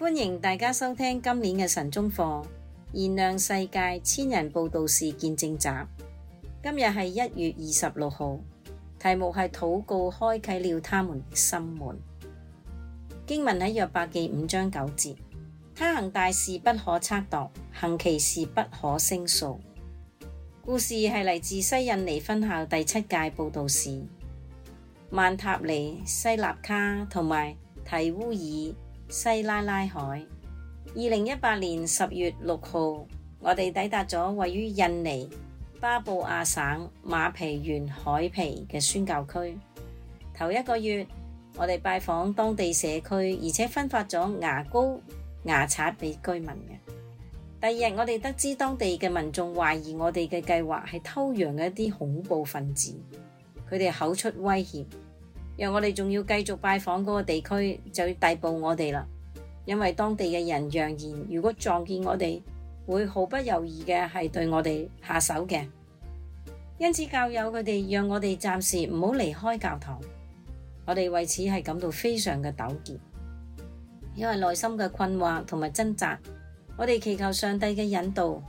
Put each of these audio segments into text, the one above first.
歡迎大家收聽今年嘅晨鐘課《燃亮世界千人佈道士見證集》。今日係一月二十六號，題目係禱告開啟了他們的心門。經文喺約伯記五章九節：他行大事不可測度，行奇事不可勝數。故事係嚟自西印尼分校第七屆佈道士曼塔尼、西納卡同埋提烏爾。西拉拉海，二零一八年十月六號，我哋抵達咗位於印尼巴布亞省馬皮縣海皮嘅宣教區。頭一個月，我哋拜訪當地社區，而且分發咗牙膏、牙刷俾居民嘅。第二日，我哋得知當地嘅民眾懷疑我哋嘅計劃係偷羊嘅一啲恐怖分子，佢哋口出威脅。讓我哋仲要繼續拜訪嗰個地區，就要逮捕我哋啦。因為當地嘅人揚言，如果撞見我哋，會毫不猶豫嘅係對我哋下手嘅。因此教友佢哋讓我哋暫時唔好離開教堂，我哋為此係感到非常嘅糾結，因為內心嘅困惑同埋掙扎。我哋祈求上帝嘅引導，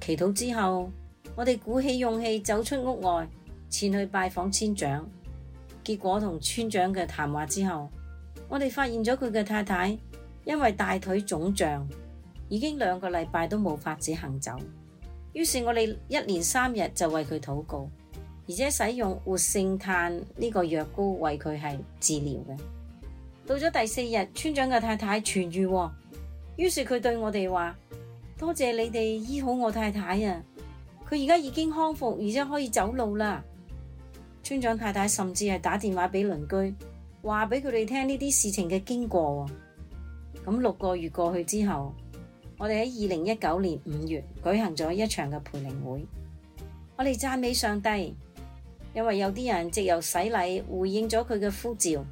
祈禱之後，我哋鼓起勇氣走出屋外，前去拜訪村長。結果同村長嘅談話之後，我哋發現咗佢嘅太太因為大腿腫脹，已經兩個禮拜都冇法子行走。於是我哋一連三日就為佢禱告，而且使用活性炭呢個藥膏為佢係治療嘅。到咗第四日，村長嘅太太痊癒，於是佢對我哋話：多謝你哋醫好我太太啊！佢而家已經康復，而且可以走路啦。村長太太甚至係打電話俾鄰居，話俾佢哋聽呢啲事情嘅經過。咁六個月過去之後，我哋喺二零一九年五月舉行咗一場嘅陪靈會。我哋讚美上帝，因為有啲人藉由洗禮回應咗佢嘅呼召。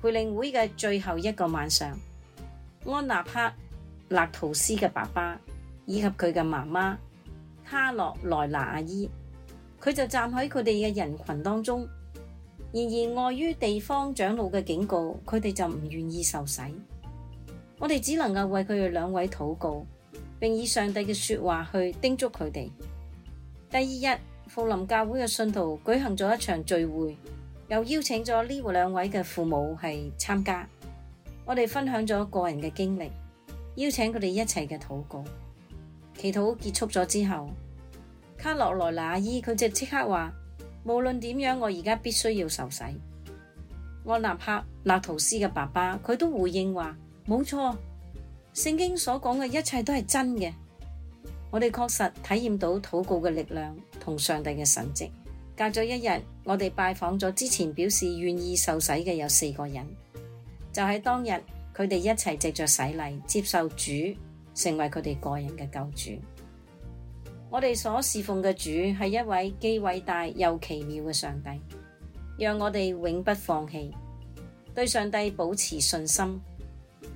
陪靈會嘅最後一個晚上，安納克勒圖斯嘅爸爸，以及佢嘅媽媽卡洛萊娜阿姨。佢就站喺佢哋嘅人群當中，然而礙於地方長老嘅警告，佢哋就唔願意受洗。我哋只能夠為佢哋兩位禱告，並以上帝嘅說話去叮囑佢哋。第二日，富林教會嘅信徒舉行咗一場聚會，又邀請咗呢戶兩位嘅父母係參加。我哋分享咗個人嘅經歷，邀請佢哋一齊嘅禱告。祈禱結束咗之後。卡洛萊娜伊佢就即刻話：無論點樣，我而家必須要受洗。安納帕納圖斯嘅爸爸佢都回應話：冇錯，聖經所講嘅一切都係真嘅。我哋確實體驗到禱告嘅力量同上帝嘅神蹟。隔咗一日，我哋拜訪咗之前表示願意受洗嘅有四個人，就喺、是、當日佢哋一齊藉着洗禮接受主成為佢哋個人嘅救主。我哋所侍奉嘅主係一位既偉大又奇妙嘅上帝，讓我哋永不放棄，對上帝保持信心，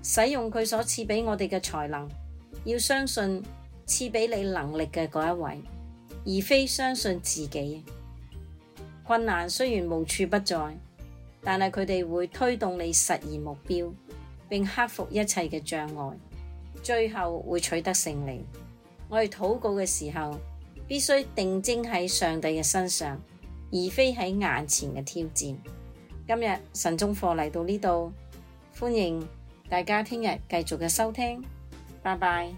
使用佢所賜俾我哋嘅才能，要相信賜俾你能力嘅嗰一位，而非相信自己。困難雖然無處不在，但係佢哋會推動你實現目標，並克服一切嘅障礙，最後會取得勝利。我哋禱告嘅時候，必須定睛喺上帝嘅身上，而非喺眼前嘅挑戰。今日晨鐘課嚟到呢度，歡迎大家聽日繼續嘅收聽，拜拜。